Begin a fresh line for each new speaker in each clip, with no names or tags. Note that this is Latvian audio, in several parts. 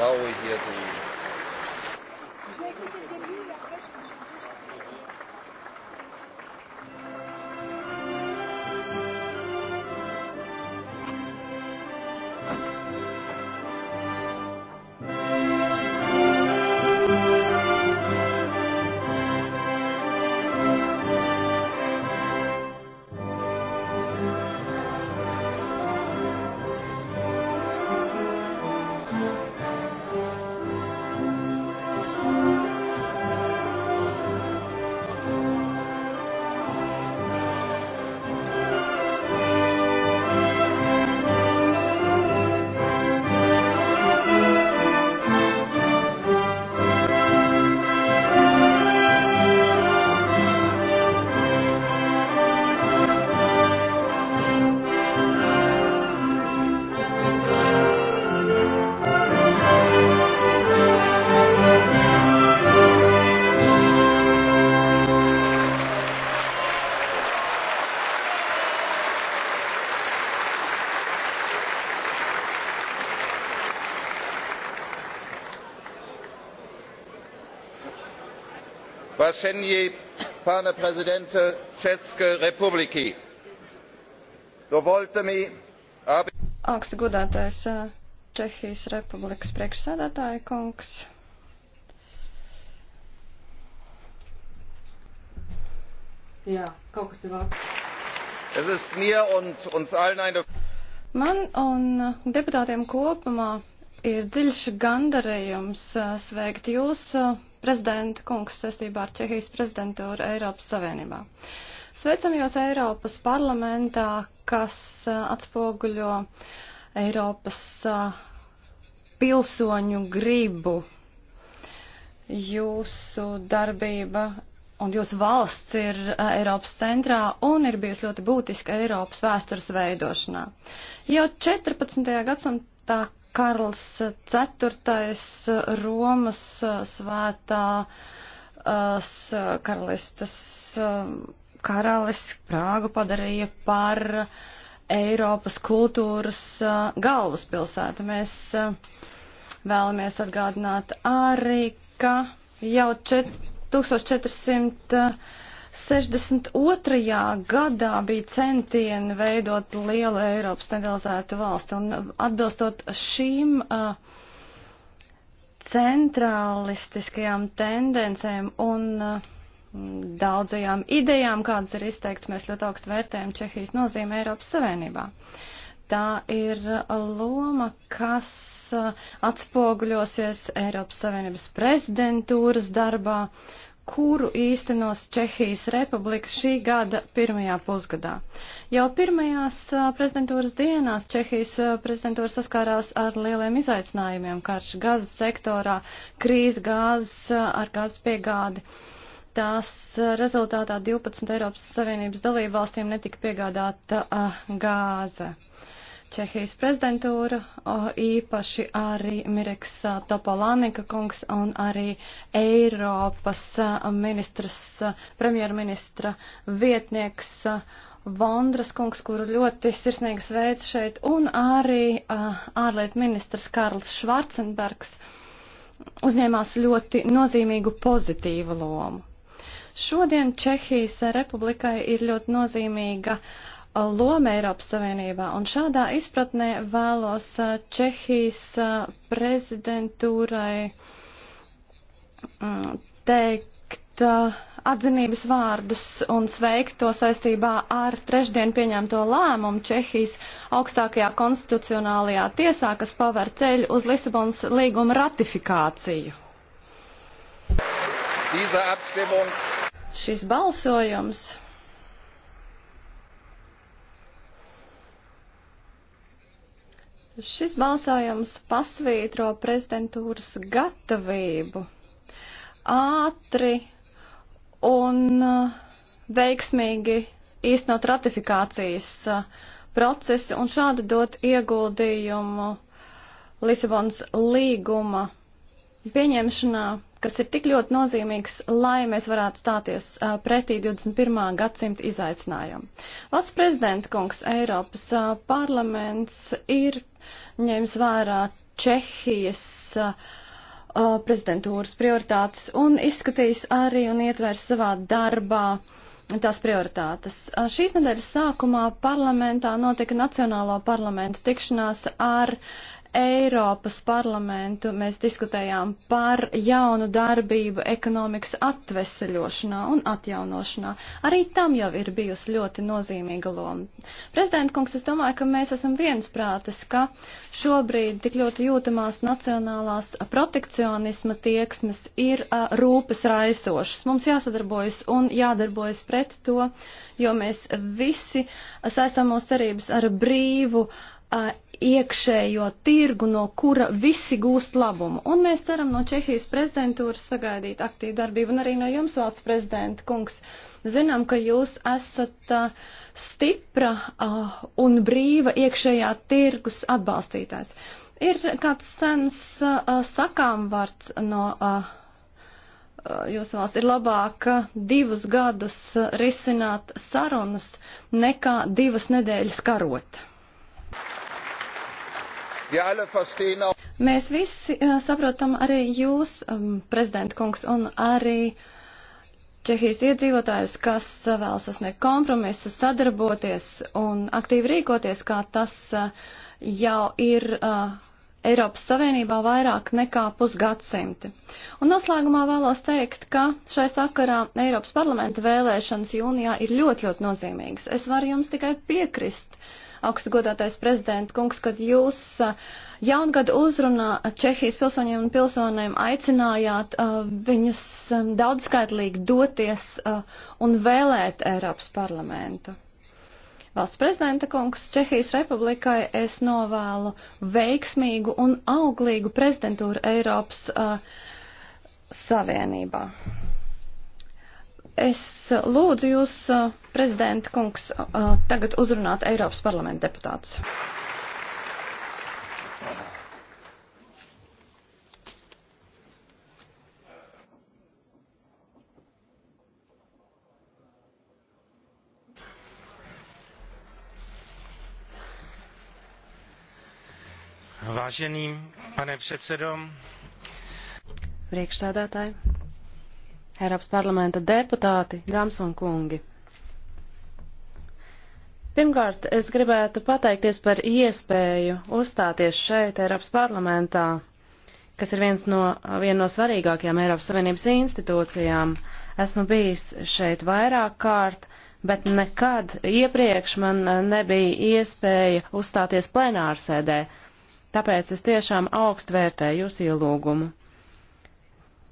now we hear the
ogłoszenie pana prezydenta czeskiej republiki. Dovolte mi, aby. Augsti godātais eh, Čehijas republikas priekšsēdētāja kungs.
Jā, kaut kas ir vārds. Es ist mir und uns allen eine. Man un
eh, deputātiem kopumā ir dziļš gandarījums eh, sveikt jūs prezidenta kungs saistībā ar Čehijas prezidentūru Eiropas Savienībā. Sveicam jūs Eiropas parlamentā, kas atspoguļo Eiropas pilsoņu gribu. Jūsu darbība un jūsu valsts ir Eiropas centrā un ir bijusi ļoti būtiska Eiropas vēstures veidošanā. Jau 14. gadsimtā Karls IV. Romas svētā karalistas karalis Prāgu padarīja par Eiropas kultūras galvaspilsētu. Mēs vēlamies atgādināt arī, ka jau 1400 62. gadā bija centieni veidot lielu Eiropas centralizētu valsti, un atbilstot šīm uh, centralistiskajām tendencēm un uh, daudzajām idejām, kādas ir izteikts, mēs ļoti augstu vērtējam Čehijas nozīme Eiropas Savienībā. Tā ir loma, kas atspoguļosies Eiropas Savienības prezidentūras darbā, kuru īstenos Čehijas Republika šī gada pirmajā pusgadā. Jau pirmajās prezidentūras dienās Čehijas prezidentūra saskārās ar lieliem izaicinājumiem - karš gazas sektorā, krīze gāzes ar gāzes piegādi. Tās rezultātā 12 Eiropas Savienības dalību valstīm netika piegādāta gāze. Uh, Čehijas prezidentūru, īpaši arī Mireks Topolānika kungs un arī Eiropas ministras, premjerministra vietnieks Vondras kungs, kuru ļoti sirsnīgi sveic šeit, un arī ārlietu ministrs Karls Švarcenbergs uzņēmās ļoti nozīmīgu pozitīvu lomu. Šodien Čehijas republikai ir ļoti nozīmīga uh, loma Eiropas Savienībā. Un šādā izpratnē vēlos Čehijas prezidentūrai teikt atzinības vārdus un sveikt to saistībā ar trešdien pieņemto lēmumu Čehijas augstākajā konstitucionālajā tiesā, kas paver ceļu uz Lisabonas līguma ratifikāciju. Šis balsojums Šis balsojums pasvītro prezidentūras gatavību ātri un uh, veiksmīgi īstenot ratifikācijas uh, procesu un šādi dot ieguldījumu Lisabonas līguma pieņemšanā, kas ir tik ļoti nozīmīgs, lai mēs varētu stāties uh, pretī 21. gadsimta izaicinājumu. Valsts prezidenta kungs Eiropas parlaments ir ņems vērā Čehijas uh, uh, prezidentūras prioritātes un izskatīs arī un ietvers savā darbā tās prioritātes. Uh, šīs nedēļas sākumā parlamentā notika Nacionālo parlamentu tikšanās ar Eiropas parlamentu mēs diskutējām par jaunu darbību ekonomikas atveseļošanā un atjaunošanā. Arī tam jau ir bijusi ļoti nozīmīga loma. Prezidenta kungs, es domāju, ka mēs esam viensprātis, ka šobrīd tik ļoti jūtamās nacionālās protekcionisma tieksmes ir a, rūpes raisošas. Mums jāsadarbojas un jādarbojas pret to, jo mēs visi saistām mūsu cerības ar brīvu uh, uh, iekšējo tirgu, no kura visi gūst labumu. Un mēs ceram no Čehijas prezidentūras sagaidīt aktīvu darbību un arī no jums valsts prezidenta kungs. Zinām, ka jūs esat uh, stipra uh, un brīva iekšējā tirgus atbalstītājs. Ir kāds sens uh, sakāmvārds no. Uh, uh, jūsu valsts ir labāk uh, divus gadus uh, risināt sarunas nekā divas nedēļas karot. Mēs visi eh, saprotam arī jūs, um, prezidenta kungs, un arī Čehijas iedzīvotājus, kas eh, vēl sasniegt kompromisu, sadarboties un aktīvi rīkoties, kā tas eh, jau ir Eiropas Savienībā vairāk nekā pusgadsimti. Un noslēgumā vēlos teikt, ka šai sakarā Eiropas parlamenta vēlēšanas jūnijā ir ļoti, ļoti nozīmīgas. Es varu jums tikai piekrist. Uh, augstu godātais prezidenta kungs, kad jūs jaungada uzrunā Čehijas pilsoņiem un pilsonēm aicinājāt viņus daudzskaitlīgi doties un vēlēt Eiropas parlamentu. Valsts prezidenta kungs Čehijas republikai es novēlu veiksmīgu un auglīgu prezidentūru Eiropas uh, Savienībā. Es lūdzu jūs, prezidenta kungs, tagad uzrunāt Eiropas parlamenta deputātus.
Vážený pane předsedo,
priekšsēdētāji, Eiropas parlamenta deputāti, dāmas un kungi! Pirmkārt, es gribētu pateikties par iespēju uzstāties šeit, Eiropas parlamentā, kas ir viens no, viena no svarīgākajām Eiropas Savienības institūcijām. Esmu bijis šeit vairāk kārt, bet nekad iepriekš man nebija iespēja uzstāties plenārsēdē, tāpēc es tiešām augstu vērtēju jūsu ielūgumu.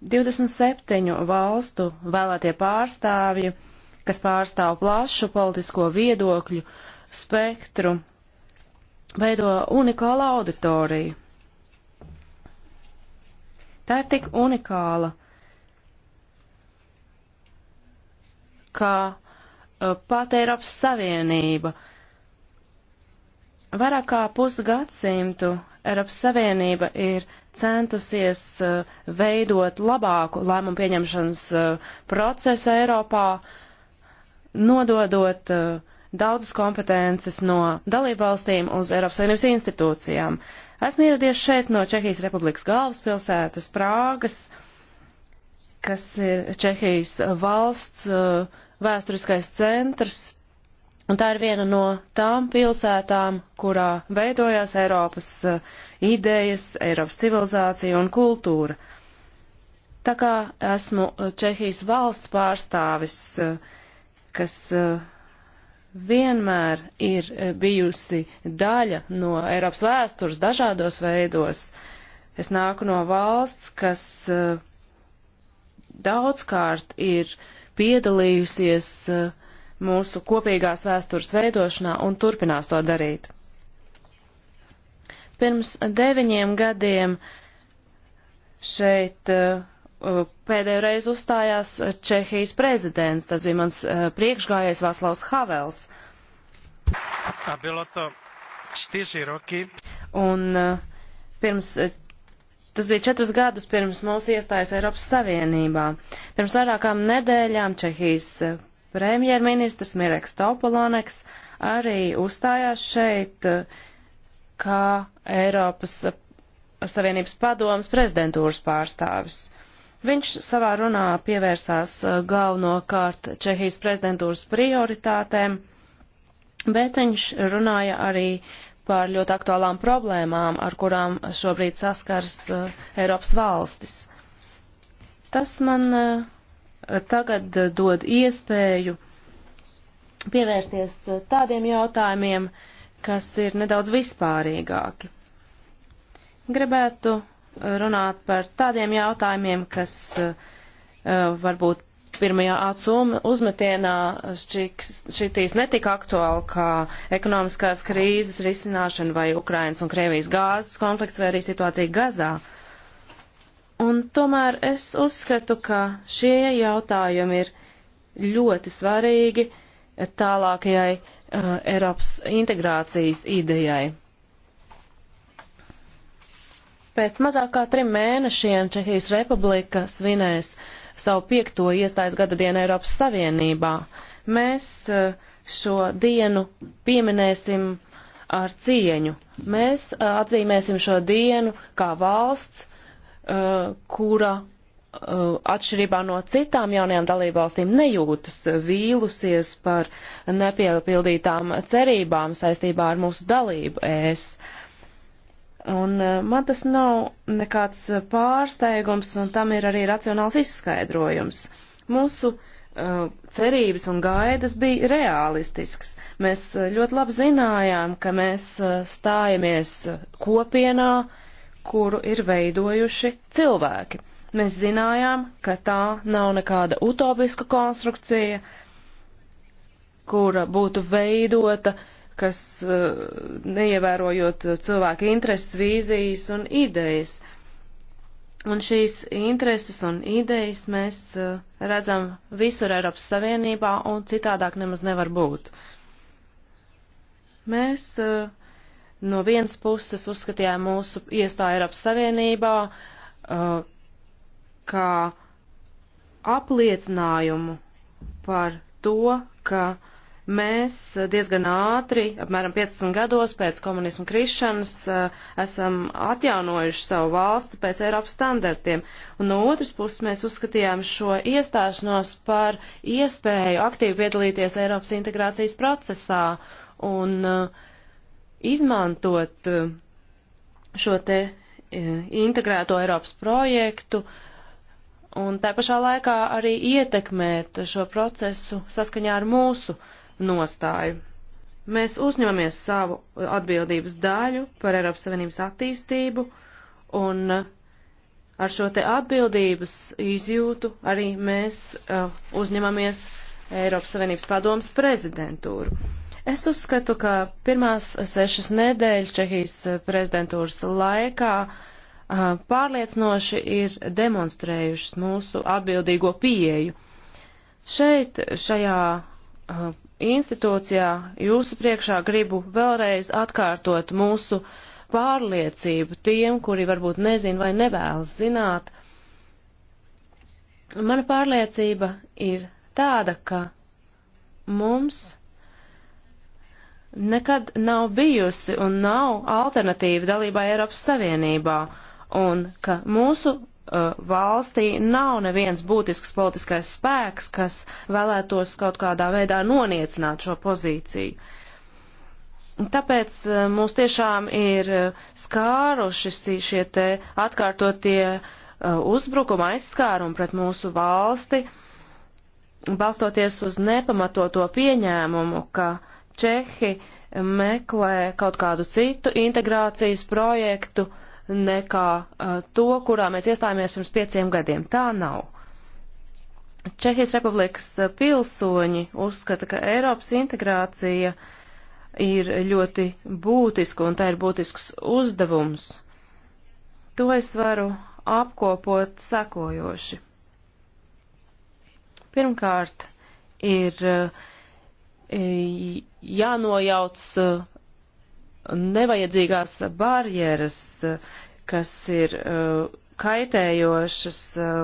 27 valstu vēlētie pārstāvji, kas pārstāv plašu politisko viedokļu spektru, veido unikālu auditoriju. Tā ir tik unikāla, kā uh, pat Eiropas Savienība. Vairāk kā pusgadsimtu Eiropas Savienība ir centusies eh, veidot labāku lēmumu pieņemšanas eh, procesu Eiropā, nododot eh, daudzas kompetences no dalībvalstīm uz Eiropas Savienības institūcijām. Esmu ieradies šeit no Čehijas Republikas galvaspilsētas Prāgas, kas ir Čehijas valsts vēsturiskais centrs, Un tā ir viena no tām pilsētām, kurā veidojās Eiropas uh, idejas, Eiropas civilizācija un kultūra. Tā kā esmu eh, Čehijas valsts pārstāvis, uh, kas uh, vienmēr ir bijusi daļa no Eiropas vēstures dažādos veidos, es nāku no valsts, kas daudzkārt ir piedalījusies uh, mūsu kopīgās vēstures veidošanā un turpinās to darīt. Pirms deviņiem gadiem šeit uh, uh, pēdējo reizi uzstājās Čehijas prezidents. Tas bija mans uh, priekšgājais Vaslavs Havels. Un pirms, tas bija četrus gadus pirms mūsu iestājas Eiropas Savienībā. Pirms vairākām nedēļām Čehijas Premjerministrs Mireks Topoloneks arī uzstājās šeit kā Eiropas Savienības padomas prezidentūras pārstāvis. Viņš savā runā pievērsās eh, galvenokārt Čehijas prezidentūras prioritātēm, bet viņš runāja arī par ļoti aktuālām problēmām, ar kurām šobrīd saskars eh, Eiropas valstis. Tas man eh, tagad eh, dod iespēju pievērsties eh, tādiem jautājumiem, kas ir nedaudz vispārīgāki. Gribētu eh, runāt par tādiem jautājumiem, kas uh, varbūt pirmajā atsuma uzmetienā šitīs netika aktuāli kā ekonomiskās krīzes risināšana vai Ukrainas un Krievijas gāzes konflikts vai arī situācija Gazā. Uh, Un tomēr es uzskatu, ka šie jautājumi ir ļoti svarīgi tālākajai uh, Eiropas integrācijas idejai. Pēc mazāk kā trim mēnešiem Čehijas Republika svinēs savu piekto iestājas gada dienu Eiropas Savienībā. Mēs uh, šo dienu pieminēsim ar cieņu. Mēs uh, atzīmēsim šo dienu kā valsts, Uh, kura uh, atšķirībā no citām jaunajām dalībvalstīm nejūtas vīlusies par nepiepildītām cerībām saistībā ar mūsu dalību ES. Un uh, man tas nav nekāds pārsteigums, un tam ir arī racionāls izskaidrojums. Mūsu uh, cerības un gaidas bija realistisks. Mēs ļoti labi zinājām, ka mēs stājamies kopienā, uh, kuru ir veidojuši cilvēki. Mēs zinājām, ka tā nav nekāda utopiska konstrukcija, kura būtu veidota, kas eh, neievērojot cilvēku intereses, vīzijas un idejas. Un šīs intereses un idejas mēs eh, redzam visur Eiropas Savienībā un citādāk nemaz nevar būt. Mēs uh, No vienas puses uzskatījām mūsu iestāju Eiropas Savienībā uh, kā apliecinājumu par to, ka mēs diezgan ātri, apmēram 15 gados pēc komunismu krišanas, uh, esam atjaunojuši savu valsti pēc Eiropas standartiem. Un no otras puses mēs uzskatījām šo iestāšanos par iespēju aktīvi piedalīties Eiropas integrācijas procesā. Un uh, izmantot eh, šo te eh, integrēto Eiropas projektu un tā pašā laikā arī ietekmēt šo procesu saskaņā ar mūsu nostāju. Mēs uzņemamies savu atbildības daļu par Eiropas Savienības attīstību un eh, ar šo te atbildības izjūtu arī mēs uh, uzņemamies Eiropas Savienības padomas prezidentūru. Es uzskatu, ka pirmās sešas nedēļas Čehijas prezidentūras laikā pārliecinoši ir demonstrējušas mūsu atbildīgo pieeju. Šeit, šajā institūcijā, jūsu priekšā gribu vēlreiz atkārtot mūsu pārliecību tiem, kuri varbūt nezin vai nevēlas zināt. Mana pārliecība ir tāda, ka mums nekad nav bijusi un nav alternatīva dalībā Eiropas Savienībā, un ka mūsu uh, valstī nav neviens būtisks politiskais spēks, kas vēlētos kaut kādā veidā noniecināt šo pozīciju. Tāpēc uh, mūs tiešām ir uh, skāruši šie te atkārtotie uh, uzbrukuma aizskārumi pret mūsu valsti, balstoties uz nepamatoto pieņēmumu, ka uh, Čehi meklē kaut kādu citu integrācijas projektu nekā uh, to, kurā mēs iestājāmies pirms pieciem gadiem. Tā nav. Čehijas republikas pilsoņi uzskata, ka Eiropas integrācija ir ļoti būtiska un tā ir būtisks uzdevums. To es varu apkopot sekojoši. Pirmkārt, ir uh, E, jānojauc e, nevajadzīgās barjeras, e, kas ir kaitējošas,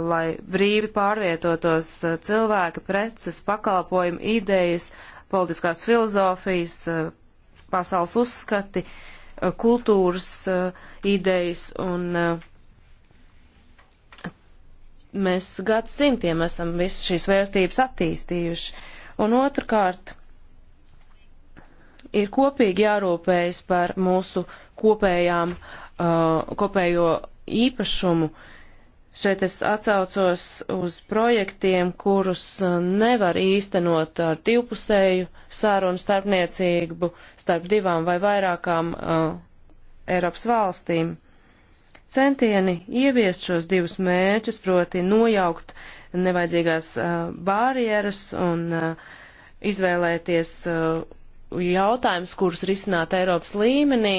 lai brīvi pārvietotos cilvēki, preces, pakalpojumi, idejas, politiskās filozofijas, pasaules uzskati, kultūras idejas un mēs gadsimtiem esam visas šīs vērtības attīstījuši. Un otrkārt, ir kopīgi jārūpējas par mūsu kopējām, uh, kopējo īpašumu. Šeit es atsaucos uz projektiem, kurus uh, nevar īstenot ar divpusēju sārunu starpniecību starp divām vai vairākām uh, Eiropas valstīm. Centieni ieviest šos divus mērķus, proti nojaukt nevajadzīgās uh, bārieras un uh, izvēlēties uh, jautājumus, kurus risināt Eiropas līmenī.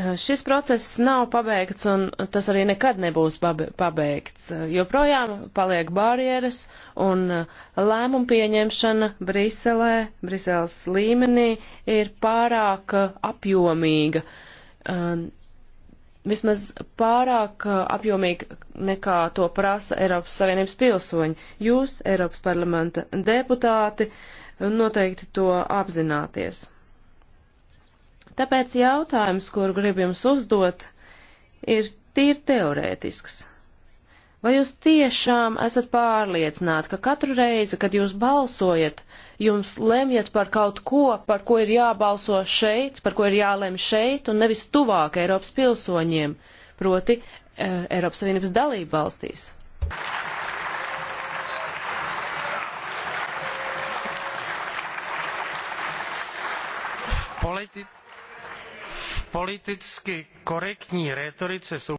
Eh, šis process nav pabeigts, un tas arī nekad nebūs pabeigts. Eh, joprojām paliek barjeras, un eh, lēmumu pieņemšana Briselē, Briseles līmenī ir pārāk apjomīga. Vismaz pārāk apjomīga nekā to prasa Eiropas Savienības pilsoņi. Jūs, Eiropas parlamenta deputāti, uh, noteikti to apzināties. Tāpēc jautājums, kuru gribu jums uzdot, ir tīri teorētisks. Vai jūs tiešām esat pārliecināti, ka katru reizi, kad jūs balsojat, jums lemjat par kaut ko, par ko ir jābalso šeit, par ko ir jālem šeit un nevis tuvāk Eiropas pilsoņiem, proti eh, Eiropas Savienības dalību valstīs?
politi- v politicky korektní retorice jsou...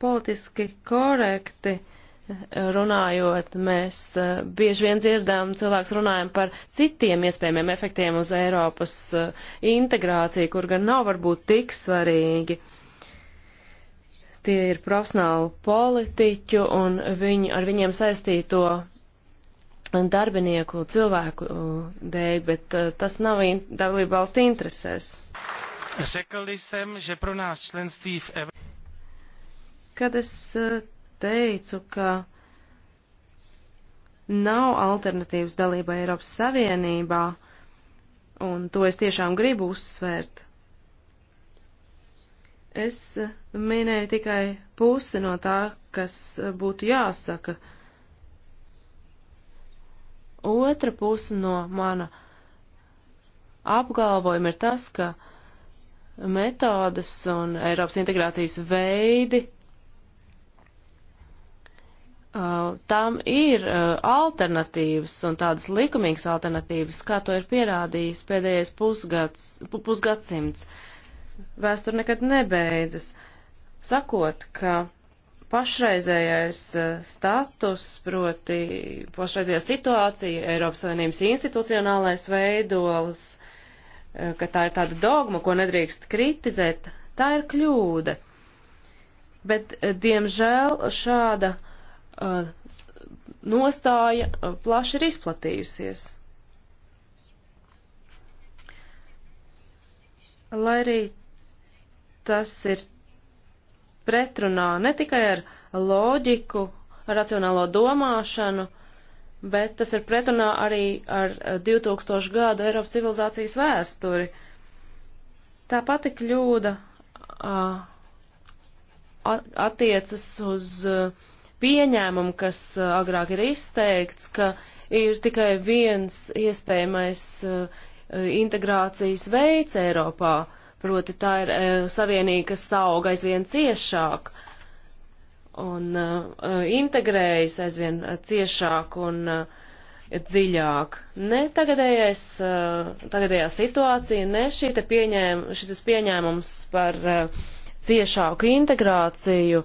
Politiski korekti eh, runājot, mēs eh, bieži vien dzirdām, cilvēks runājam par citiem iespējamiem efektiem uz Eiropas eh, integrāciju, kur gan nav varbūt tik svarīgi. Tie ir profesionāli politiķu un viņu, ar viņiem saistīto darbinieku cilvēku uh, dēļ, bet uh, tas nav in, dalību valstu interesēs. Kad es uh, teicu, ka nav alternatīvas dalība Eiropas Savienībā, un to es tiešām gribu uzsvērt, es minēju tikai pusi no tā, kas būtu jāsaka Otra puse no mana apgalvojuma ir tas, ka metodas un Eiropas integrācijas veidi Uh, tam ir uh, alternatīvas un tādas likumīgas alternatīvas, kā to ir pierādījis pēdējais pusgads, pu, pusgadsimts. Vēsture nekad nebeidzas, sakot, ka pašreizējais e, status, proti pašreizējā situācija, Eiropas Savienības institucionālais veidols, e, ka tā ir tāda dogma, ko nedrīkst kritizēt, tā ir kļūda. Bet, e, diemžēl, šāda uh, nostāja plaši ir izplatījusies. Lai arī tas ir pretrunā ne tikai ar loģiku, ar racionālo domāšanu, bet tas ir pretrunā arī ar 2000 eh, gadu Eiropas civilizācijas vēsturi. Tā pati kļūda uh, attiecas uz pieņēmumu, kas agrāk ir izteikts, ka ir tikai viens iespējamais integrācijas veids Eiropā. Proti tā ir e, savienība, kas aug aizvien ciešāk un e, e, integrējas aizvien ciešāk un e, dziļāk. Ne tagadējais, e, tagadējā situācija, ne šī te pieņēm, šis pieņēmums par e, ciešāku integrāciju. E,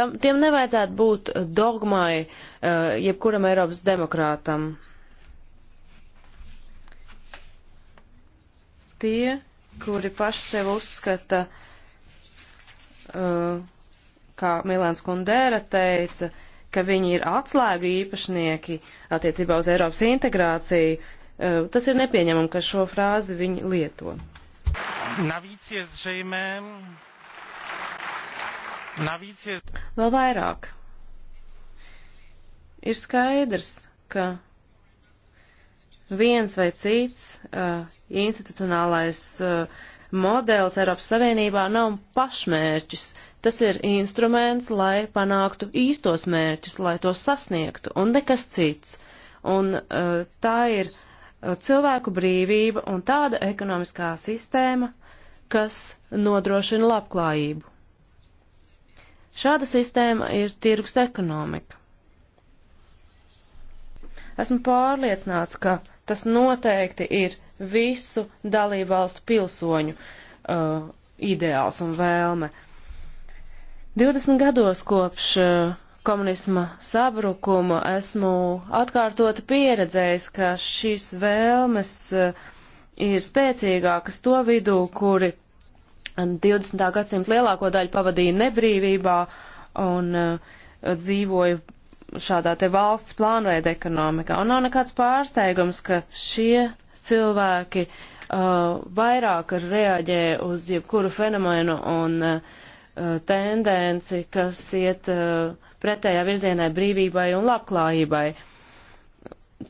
tam, tiem nevajadzētu būt dogmai e, jebkuram Eiropas demokrātam. tie, kuri paši sev uzskata, uh, kā Milāns Kundēra teica, ka viņi ir atslēgu īpašnieki attiecībā uz Eiropas integrāciju, uh, tas ir nepieņemami, ka šo frāzi viņi lieto.
Navíc je zřejmé, navíc je...
Vēl vairāk. Ir skaidrs, ka viens vai cits uh, institucionālais uh, modelis Eiropas Savienībā nav pašmērķis. Tas ir instruments, lai panāktu īstos mērķus, lai tos sasniegtu, un nekas cits. Un uh, tā ir uh, cilvēku brīvība un tāda ekonomiskā sistēma, kas nodrošina labklājību. Šāda sistēma ir tirgus ekonomika. Esmu pārliecināts, ka Tas noteikti ir visu dalībvalstu pilsoņu uh, ideāls un vēlme. 20 gados kopš uh, komunisma sabrukuma esmu atkārtoti pieredzējis, ka šīs vēlmes uh, ir spēcīgākas to vidū, kuri 20. gadsimta lielāko daļu pavadīja nebrīvībā un uh, dzīvoja šādā te valsts plānveida ekonomikā. Un nav nekāds pārsteigums, ka šie cilvēki uh, vairāk reaģē uz jebkuru fenomenu un uh, tendenci, kas iet uh, pretējā virzienā brīvībai un labklājībai.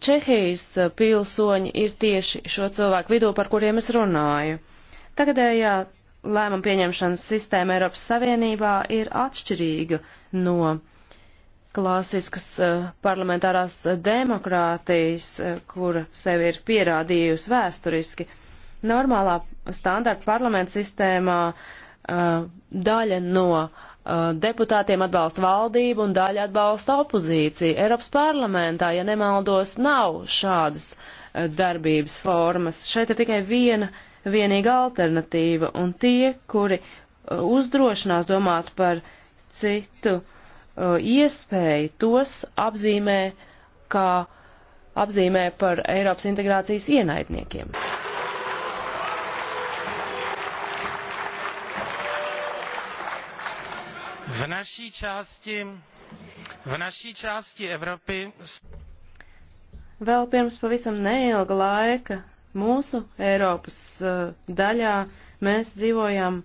Čehijas uh, pilsoņi ir tieši šo cilvēku vidū, par kuriem es runāju. Tagadējā lēmuma pieņemšanas sistēma Eiropas Savienībā ir atšķirīga no uh, klasiskas eh, parlamentārās demokrātijas, eh, kur sevi ir pierādījusi vēsturiski. Normālā standarta parlamenta sistēmā eh, daļa no deputātiem atbalsta valdību un daļa atbalsta opozīciju. Eiropas parlamentā, ja nemaldos, nav šādas darbības formas. Šeit ir tikai viena vienīga alternatīva, un tie, kuri uzdrošinās domāt par citu uh, Uh, iespēju tos apzīmē kā apzīmē par Eiropas integrācijas ienaidniekiem.
V naší části, v naší části Evropy.
Vēl pirms pavisam neilga laika mūsu Eiropas uh, daļā mēs dzīvojam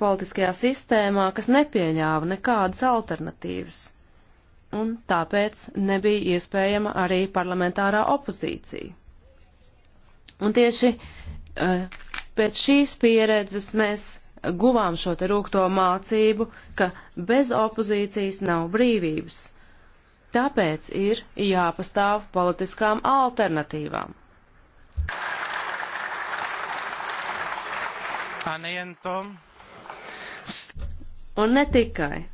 politiskajā sistēmā, kas nepieļāva nekādas alternatīvas, un tāpēc nebija iespējama arī parlamentārā opozīcija. Un tieši eh, pēc šīs pieredzes mēs guvām šo te rūkto mācību, ka bez opozīcijas nav brīvības. Tāpēc ir jāpastāv politiskām alternatīvām.
Anento just.
Un ne tikai.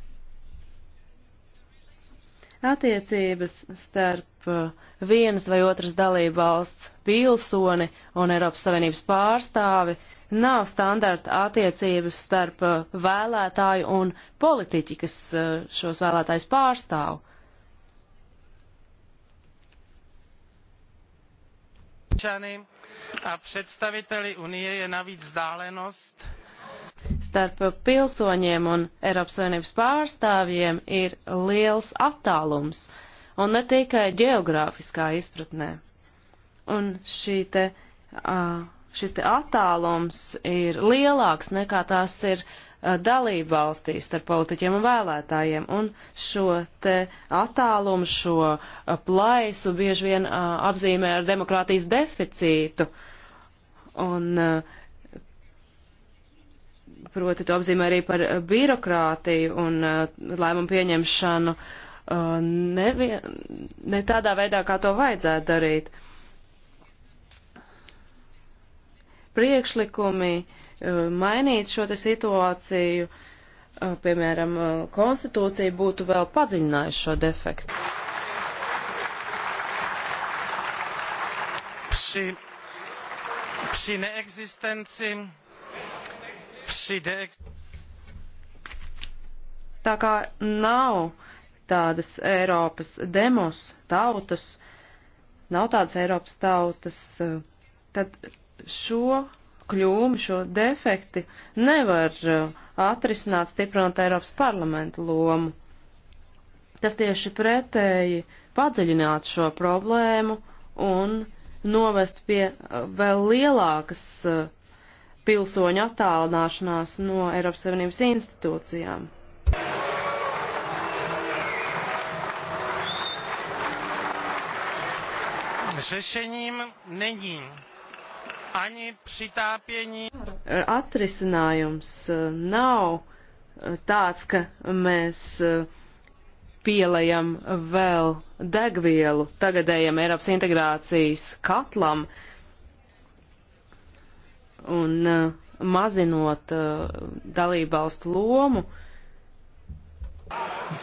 Attiecības starp uh, vienas vai otras dalība valsts pilsoni un Eiropas Savienības pārstāvi nav standarta attiecības starp uh, vēlētāju un politiķi, kas uh, šos vēlētājus pārstāv.
občany a představiteli unie je navíc vzdálenost
starp pilsoņiem un Eiropas Savienības pārstāvjiem ir liels attālums, un ne tikai geogrāfiskā izpratnē. Un šī te, šis te attālums ir lielāks nekā tās ir dalību valstīs starp politiķiem un vēlētājiem, un šo te attālumu, šo plaisu bieži vien apzīmē ar demokrātijas deficītu. Un uh, proti to apzīmē arī par eh, birokrātiju un eh, lēmumu pieņemšanu eh, nevien, ne tādā veidā, kā to vajadzētu darīt. Priekšlikumi mainīt šo te situāciju, piemēram, konstitūcija būtu vēl padziļinājuši šo defektu.
Psi, psi neeksistenci
Tā kā nav tādas Eiropas demos, tautas, nav tādas Eiropas tautas, tad šo kļūmi, šo defekti nevar atrisināt stiprinot Eiropas parlamenta lomu. Tas tieši pretēji padziļināt šo problēmu un novest pie vēl lielākas uh, pilsoņu attālināšanās no Eiropas Savienības institūcijām.
Řešením není ani přitápění.
Eh, atrisinājums eh, nav eh, tāds, ka mēs pielējam vēl degvielu tagadējam Eiropas integrācijas katlam, uh, un uh, mazinot uh, dalībvalstu lomu.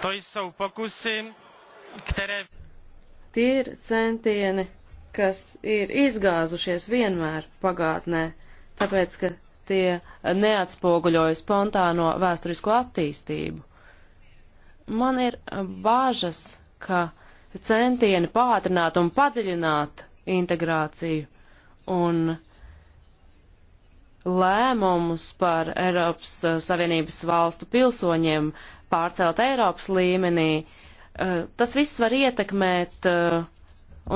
To jsou pokusy, které...
Tie ir centieni, kas ir izgāzušies vienmēr pagātnē, tāpēc, ka tie neatspoguļoja spontāno vēsturisko attīstību. Man ir bāžas, ka centieni pātrināt un padziļināt integrāciju un uh, lēmumus par Eiropas eh, Savienības valstu pilsoņiem pārcelt Eiropas līmenī, eh, tas viss var ietekmēt eh,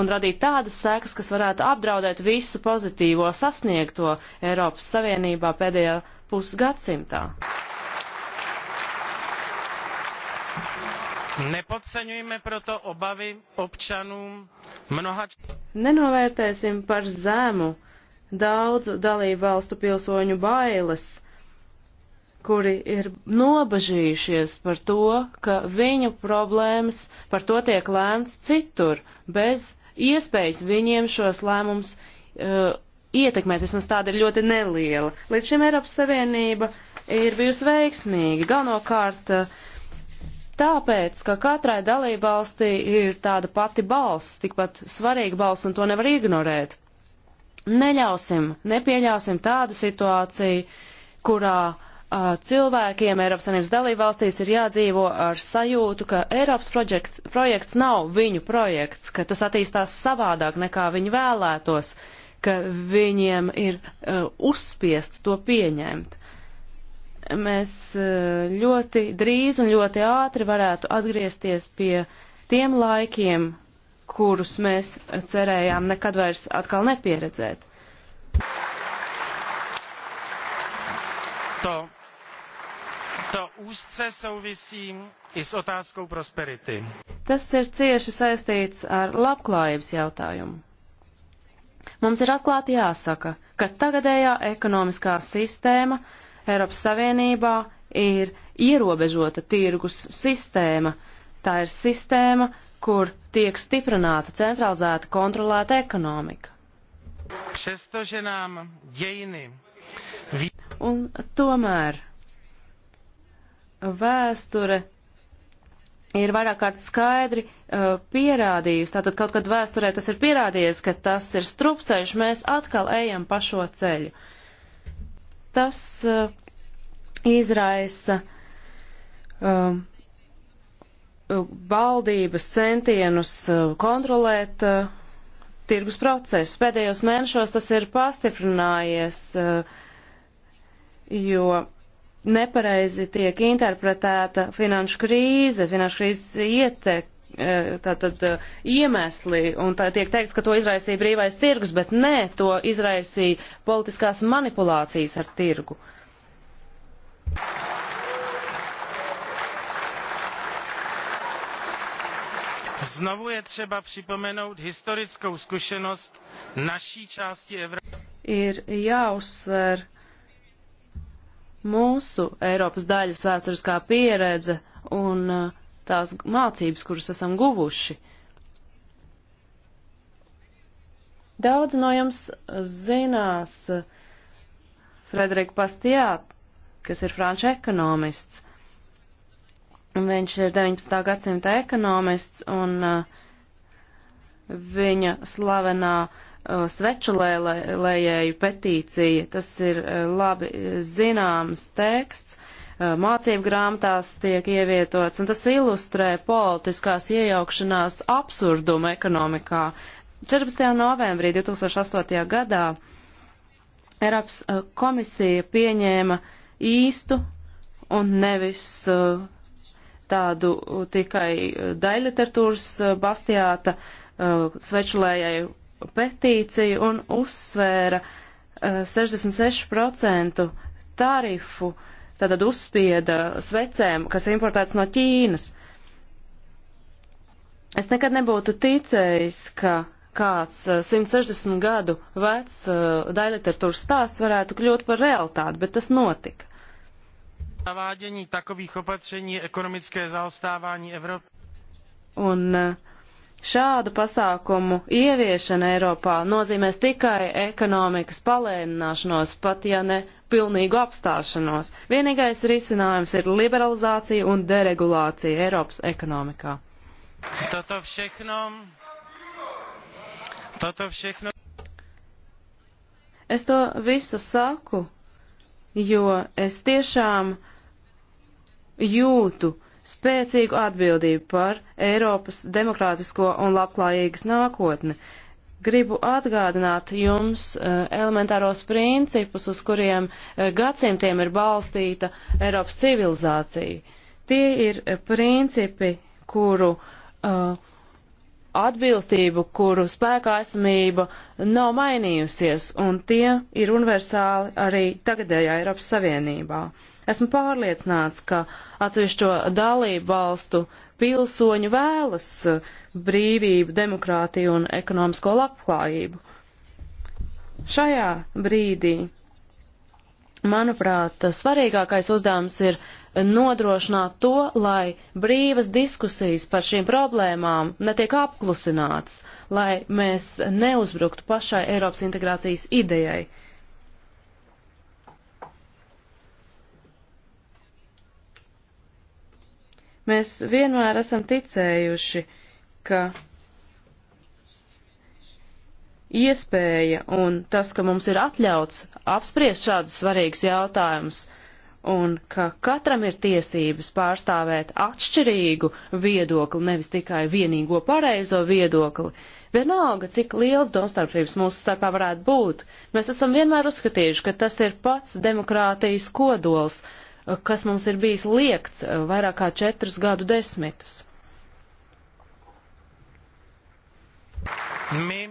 un radīt tādas sekas, kas varētu apdraudēt visu pozitīvo sasniegto Eiropas Savienībā pēdējā pusgadsimtā.
Nepodceňujme proto obavy občanů mnoha...
Nenovērtēsim par zēmu uh, daudzu dalību valstu pilsoņu bailes, kuri ir nobažījušies par to, ka viņu problēmas par to tiek lēmts citur, bez iespējas viņiem šos lēmumus uh, ietekmēt, vismaz tāda ir ļoti neliela. Līdz šim Eiropas Savienība ir bijusi veiksmīga, galvenokārt uh, tāpēc, ka katrai dalībvalstī ir tāda pati balss, tikpat svarīga balss, un to nevar ignorēt neļausim, nepieļausim tādu situāciju, kurā uh, cilvēkiem Eiropas Savienības dalībvalstīs ir jādzīvo ar sajūtu, ka Eiropas projekts, projekts nav viņu projekts, ka tas attīstās savādāk nekā viņi vēlētos, ka viņiem ir uh, uzspiests to pieņemt. Mēs uh, ļoti drīz un ļoti ātri varētu atgriezties pie tiem laikiem, kurus mēs cerējām nekad vairs atkal nepieredzēt.
To, to úzce souvisí i s otázkou prosperity.
Tas ir cieši saistīts ar labklājības jautājumu. Mums ir atklāti jāsaka, ka tagadējā ekonomiskā sistēma Eiropas Savienībā ir ierobežota tirgus sistēma. Tā ir sistēma, kur tiek stiprināta centralizēta kontrolēta ekonomika. Un tomēr vēsture ir vairāk kārt skaidri uh, pierādījusi, tātad kaut kad vēsturē tas ir pierādījies, ka tas ir strupceļš, mēs atkal ejam pa šo ceļu. Tas uh, izraisa um, uh, valdības centienus eh, kontrolēt uh, tirgus procesu. Pēdējos mēnešos tas ir pastiprinājies, uh, jo nepareizi tiek interpretēta finanšu krīze, finanšu krīzes ietek, tātad iemesli, un tā tiek teikts, ka to izraisīja brīvais tirgus, bet nē, to izraisīja politiskās manipulācijas ar tirgu. Thank you.
Znovu je třeba připomenout historickou zkušenost naší části Evropy.
Ir jāuzsver mūsu Eiropas daļas vēsturiskā pieredze un uh, tās mācības, kuras esam guvuši. Daudz no jums zinās uh, Frederika Pastijā, kas ir franču ekonomists, Nu, viņš ir 19. gadsimta ekonomists un uh, viņa slavenā uh, svečulējēju petīcija, tas ir uh, labi zināms teksts, uh, mācību grāmatās tiek ievietots, un tas ilustrē politiskās iejaukšanās absurdumu ekonomikā. 14. novembrī 2008. gadā Eiropas uh, komisija pieņēma īstu un nevis uh, tādu tikai daļliteratūras eh, bastiāta eh, svečulējēju petīciju un uzsvēra 66% eh, tarifu, tātad uzspieda svecēm, kas importēts no Ķīnas. Es nekad nebūtu ticējis, ka kāds 160 gadu vecs daļliteratūras stāsts varētu kļūt par realitāti, bet tas notika.
Zavádění takových opatření ekonomické zaostávání Evropy.
Un e, šādu pasākumu ieviešana Eiropā nozīmēs tikai ekonomikas palēnināšanos, pat ja ne pilnīgu apstāšanos. Vienīgais risinājums ir liberalizācija un deregulācija Eiropas ekonomikā.
Toto všechno, toto všechno.
Es to visu saku, jo es tiešām jūtu spēcīgu atbildību par Eiropas demokrātisko un labklājīgas nākotni. Gribu atgādināt jums eh, elementāros principus, uz kuriem eh, gadsimtiem ir balstīta Eiropas civilizācija. Tie ir eh, principi, kuru uh, atbilstību, kuru spēkā esamība nav mainījusies, un tie ir universāli arī tagadējā Eiropas Savienībā. Uh, Esmu pārliecināts, ka atsevišķo dalību valstu pilsoņu vēlas brīvību, demokrātiju un ekonomisko labklājību. Šajā brīdī, manuprāt, svarīgākais uzdevums ir nodrošināt to, lai brīvas diskusijas par šīm problēmām netiek apklusināts, lai mēs neuzbruktu pašai Eiropas integrācijas idejai. Mēs vienmēr esam ticējuši, ka iespēja un tas, ka mums ir atļauts apspriest šādus svarīgus jautājumus, un ka katram ir tiesības pārstāvēt atšķirīgu viedokli, nevis tikai vienīgo pareizo viedokli. Vienalga, cik liels domstarpības mūsu starpā varētu būt, mēs esam vienmēr uzskatījuši, ka tas ir pats demokrātijas kodols, kas mums ir bijis liekts eh, vairāk kā četrus gadu desmitus.
My,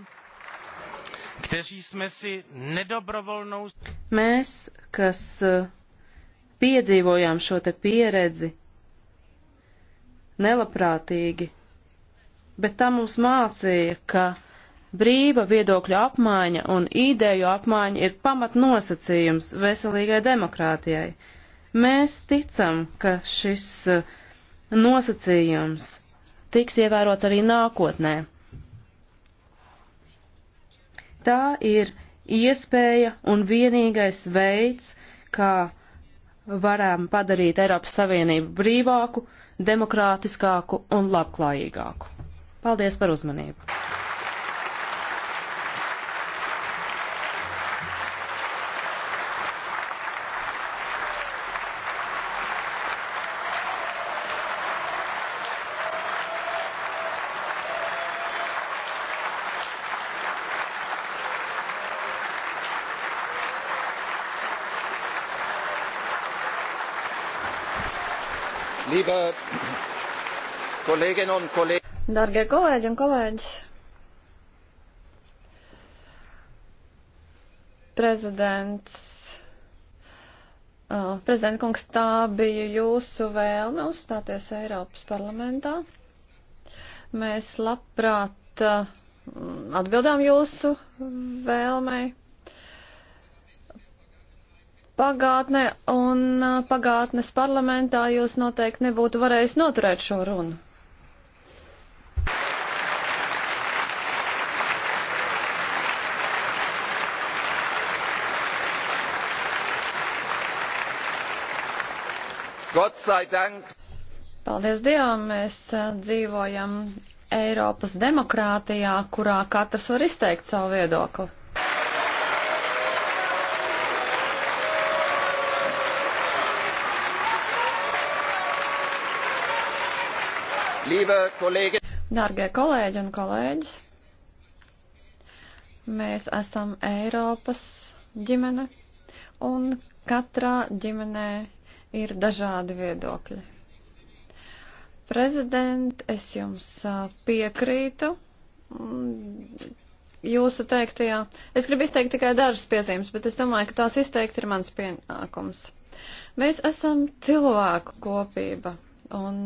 kteří jsme si nedobrovolnou...
Mēs, kas eh, piedzīvojām šo te pieredzi nelabprātīgi, bet tā mums mācīja, ka brīva viedokļa apmaiņa un ideju apmaiņa ir pamatnosacījums veselīgai demokrātijai. Mēs ticam, ka šis uh, nosacījums tiks ievērots arī nākotnē. Tā ir iespēja un vienīgais veids, kā varam padarīt Eiropas Savienību brīvāku, demokrātiskāku un labklājīgāku. Paldies par uzmanību!
Dargie kolēģi un kolēģis, prezidents, uh, prezidenta kungs, tā bija jūsu vēlme uzstāties Eiropas parlamentā. Mēs labprāt uh, atbildām jūsu vēlmei pagātnē un uh, pagātnes parlamentā jūs noteikti nebūtu varējis noturēt šo runu.
Gott sei Dank!
Paldies Dievam, mēs eh, dzīvojam Eiropas demokrātijā, kurā katrs var izteikt savu viedokli. Dārgie kolēģi un kolēģis, mēs esam Eiropas ģimene un katrā ģimenē ir dažādi viedokļi. Prezident, es jums piekrītu jūsu teiktajā. Es gribu izteikt tikai dažas piezīmes, bet es domāju, ka tās izteikti ir mans pienākums. Mēs esam cilvēku kopība, un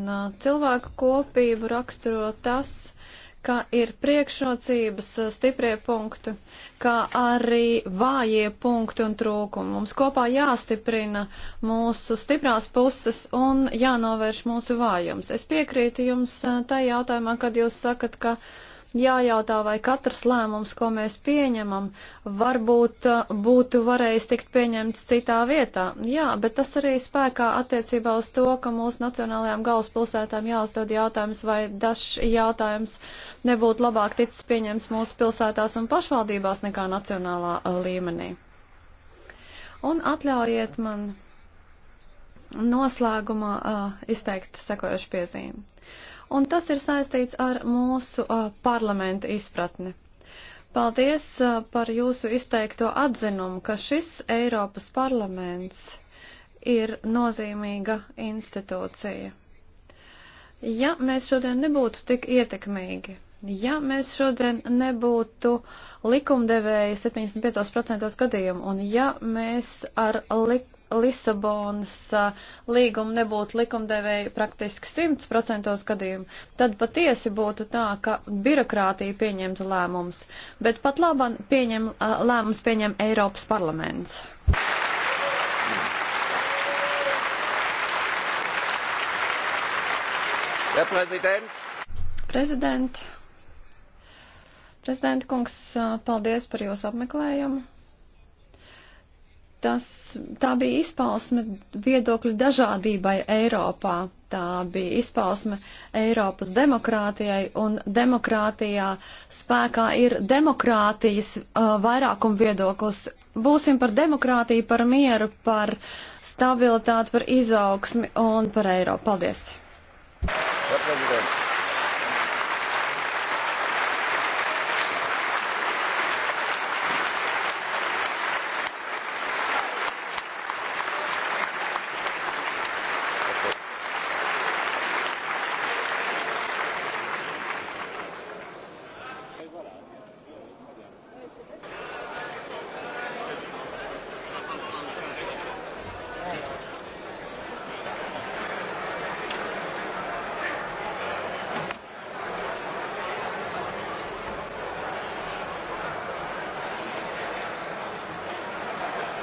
cilvēku kopību raksturo tas, uh, ka ir priekšrocības eh, stiprie punkti, kā arī vājie punkti un trūkumi. Mums kopā jāstiprina mūsu stiprās puses un jānovērš mūsu vājums. Es piekrītu jums eh, tajā jautājumā, kad jūs sakat, ka. Uh, jājautā, vai katrs lēmums, ko mēs pieņemam, varbūt uh, būtu varējis tikt pieņemts citā vietā. Jā, bet tas arī spēkā attiecībā uz to, ka mūsu nacionālajām galvaspilsētām jāuzdod jautājums, vai dažs jautājums nebūtu labāk ticis pieņemts mūsu pilsētās un pašvaldībās nekā nacionālā uh, līmenī. Un atļaujiet man noslēgumā uh, izteikt sekojuši piezīmi. Uh, un tas ir saistīts ar mūsu parlamenta izpratni. Paldies par jūsu izteikto atzinumu, ka šis Eiropas parlaments ir nozīmīga institūcija. Ja mēs šodien nebūtu tik ietekmīgi, ja mēs šodien nebūtu likumdevēji 75% gadījumu, un ja mēs ar lik Lisabonas līguma nebūtu likumdevēja praktiski 100% gadījumu, tad patiesi būtu tā, ka birokrātija pieņemtu lēmumus, bet pat labam pieņem, lēmumus pieņem Eiropas parlaments. Herr Präsident! Prezident, prezident kungs, paldies par jūsu apmeklējumu. Tas, tā bija izpausme viedokļu dažādībai Eiropā. Tā bija izpausme Eiropas demokrātijai, un demokrātijā spēkā ir demokrātijas uh, vairākuma viedoklis. Būsim par demokrātiju, par mieru, par stabilitāti, par izaugsmi un par Eiropu. Paldies!
Ja,